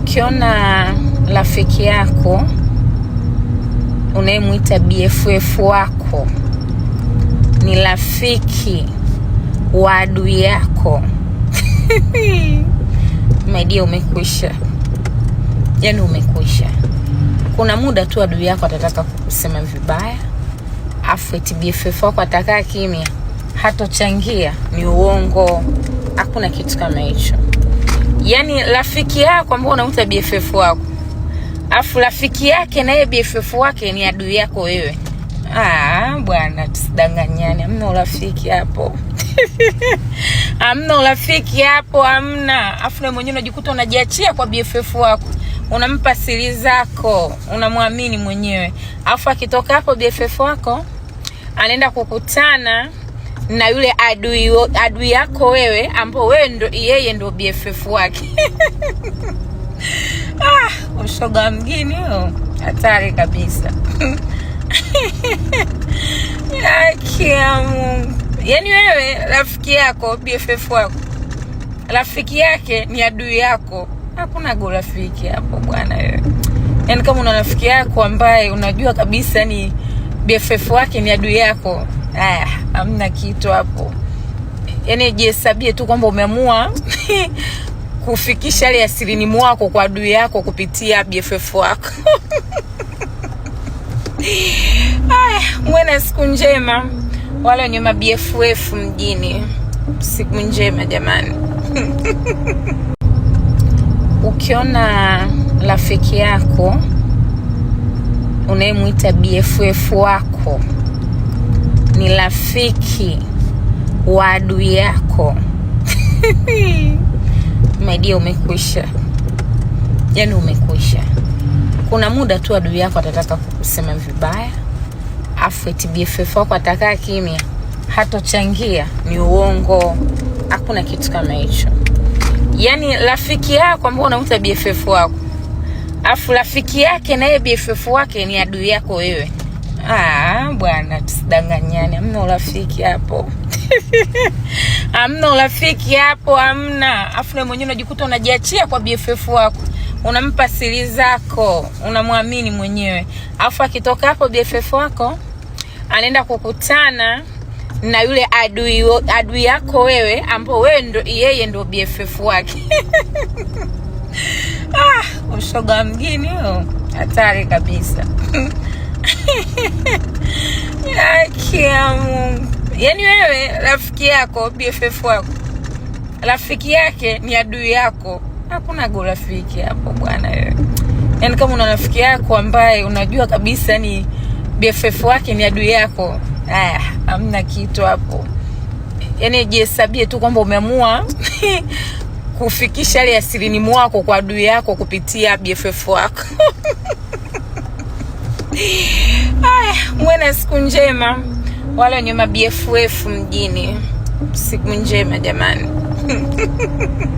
ukiona rafiki yako unayemwita BFF wako ni rafiki wa adui yako maidia, umekwisha. Yani umekwisha. Kuna muda tu adui yako atataka kusema vibaya, afu eti BFF wako atakaa kimya, hatochangia. Ni uongo, hakuna kitu kama hicho yani rafiki yako ambao unamuita BFF wako, alafu rafiki yake naye BFF wake ni adui yako wewe. Ah, bwana tusidanganyane, hamna urafiki hapo hamna urafiki hapo, hamna. Afu na mwenyewe unajikuta unajiachia kwa BFF wako, unampa siri zako, unamwamini mwenyewe, afu akitoka hapo BFF wako anaenda kukutana na yule adui, adui yako wewe ambao wewe ndo yeye ndo BFF wake ah, ushoga mgini huo hatari kabisa ya yani wewe rafiki yako BFF wako rafiki yake ni adui yako, hakuna go rafiki hapo bwana wewe. yani kama una rafiki yako ambaye unajua kabisa ni BFF wake ni adui yako Aya, eh, hamna kitu hapo. Yaani jihesabie tu kwamba umeamua kufikisha ile asilini mwako kwa adui yako kupitia BFF wako. Aya, mwe na siku njema wale wenye BFF mjini, siku njema jamani. Ukiona rafiki yako unayemwita BFF wako ni rafiki wa adui yako. maidia umekwisha, yani umekwisha. Kuna muda tu adui yako atataka kukusema vibaya, afu tbff wako atakaa kimya, hatochangia. Ni uongo, hakuna kitu kama hicho. yani rafiki yako ambao unamuta BFF wako, afu rafiki yake naye BFF wake ni adui yako wewe. Ah, bwana tusidanganyane, hamna urafiki hapo hamna urafiki hapo, hamna. Afu na mwenyewe unajikuta unajiachia kwa BFF wako, unampa siri zako, unamwamini mwenyewe, afu akitoka hapo BFF wako anaenda kukutana na yule adui adui yako wewe, ambao wewe ndo yeye ndo BFF wake ah, ushoga mgini huo hatari kabisa yani wewe rafiki yako BFF wako rafiki yake ni adui yako, hakuna go rafiki hapo bwana wewe. yani kama una rafiki yako ambaye unajua kabisa ni BFF wake ni adui yako, aya, hamna kitu hapo. yani jihesabie tu kwamba umeamua kufikisha ile asilini mwako kwa adui yako kupitia BFF wako Haya, mwena siku njema wale wenye maBFF mjini, siku njema jamani.